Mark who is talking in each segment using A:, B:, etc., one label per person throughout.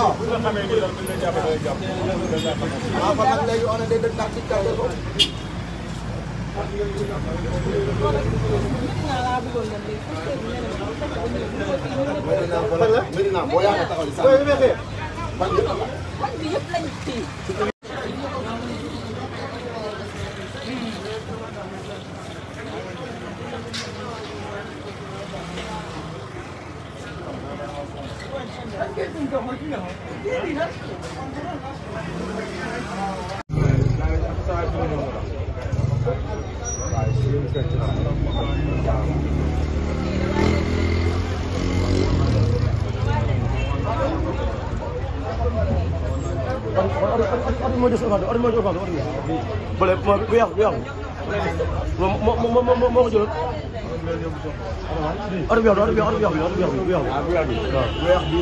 A: waaw bu nga xamee nii daal bu ñu la jàppalee jàpp. waaw kon nag léegi on est des ndax ci kàddu ko. Medina boo yaa ko taxaw di sànni. man yëpp lañ téye. moo des orange orange moo des orange bële bu yàqu bu yàqu moom moo moo moo ko jëloon. oto bi yor oto bi yor yor yor yor yor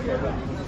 A: yor